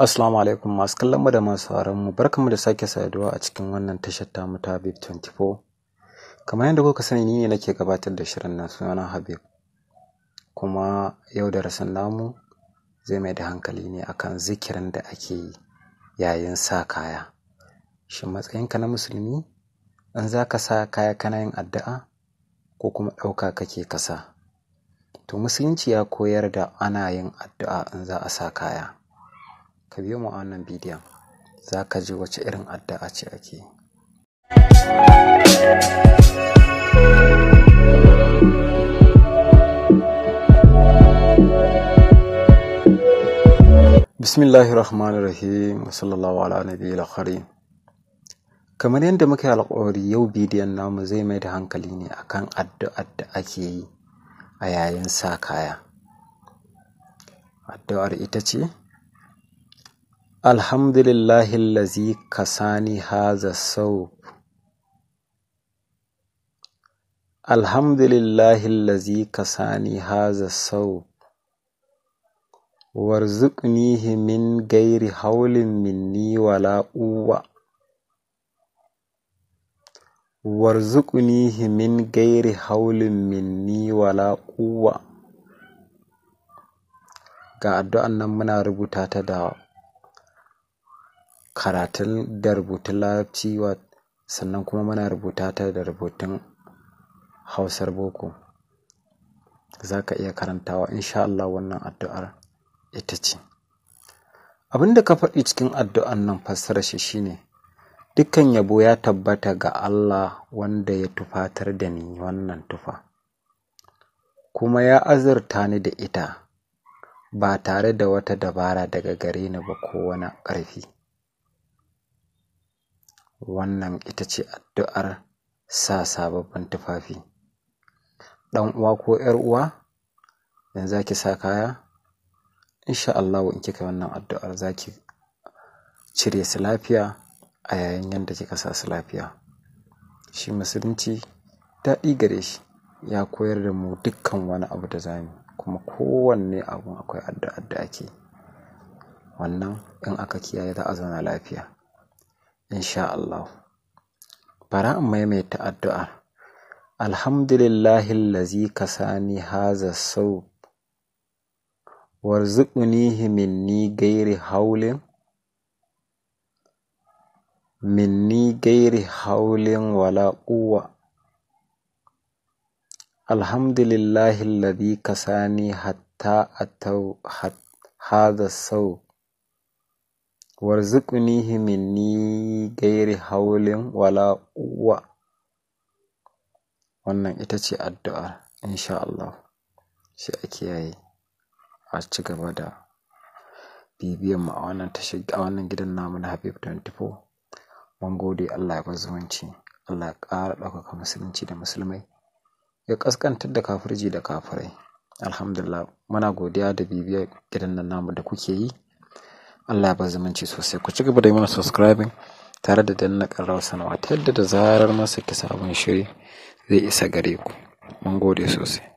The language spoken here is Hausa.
Assalamu alaikum masu kallon da masu mu barkanmu da sake saduwa a cikin wannan tashar tamu ta Habib 24. Kamar yadda kuka sani ni ne nake gabatar da shirin nan sunana Habib. Kuma yau da rasan namu zai mai da hankali ne akan zikirin da ake yi yayin sa kaya. Shin matsayinka na musulmi in za ka sa kaya kana yin addu'a ko kuma ɗauka kake kasa? To musulunci ya koyar da ana yin addu'a in za a sa kaya. ka biyo mu a wannan bidiyon za ka ji wace irin addu'a ce ake yi bismillahir rahmanir rahim wa sallallahu ala nabiyil khari kamar yadda muka yi alƙawari yau bidiyon namu zai mai da hankali ne akan addu'ar da ake yi a yayin sa kaya addu'ar ita ce Alhamdulillahillazi kasani haza saub Alhamdulillahillazi kasani haza saub warzuqnihi min gairi haulin minni wala uwa warzuqnihi min gairi haulin minni wala uwa ga addu'an nan muna rubuta ta da karatun da rubutun larabci sannan kuma muna rubuta ta da rubutun hausar boko za ka iya karantawa insha Allah wannan addu'ar ita ce abin da ka faɗi cikin addu'an nan fassarar shi shine dukkan yabo ya tabbata ga Allah wanda ya tufatar da ni wannan tufa kuma ya azurta ni da ita ba tare da wata dabara daga gare ni ba ko wani ƙarfi wannan ita ce addu'ar sa sababbin tufafi ɗan uwa ko ‘yar uwa idan za ki sa kaya insha Allah in kika wannan addu'ar za ki cire su lafiya a yayin yadda kika sa su lafiya shi musulunci daɗi gare shi ya koyar da mu dukkan wani abu da zamu kuma kowanne abu akwai addu'ar da ake wannan in aka kiyaye za a zauna lafiya insha Allah bara in maimaita addu'ar alhamdulillahi ka sani haza sau warzuqnihi minni gairi haulin minni gairi haulin wala quwwa alhamdulillahi ka sani hatta a tau haza sau warzuqnihi minni gairi haulin wala uwa wannan ita ce addu'a insha Allah shi a kiyaye a ci gaba da bibiyan mu a wannan a wannan gidan namu na Habib 24 mun gode Allah ya bar zumunci Allah ya ƙara ɗaukaka musulunci da musulmai ya ƙasƙantar da kafirji da kafirai alhamdulillah muna godiya da bibiyar gidan nan namu da kuke yi Allah ba zumunci sosai ku ci gaba da yi mana subscribing tare da danna ƙararrawar sanawa ta yadda da zarar masa kisa abin shiri zai isa gare ku mun gode sosai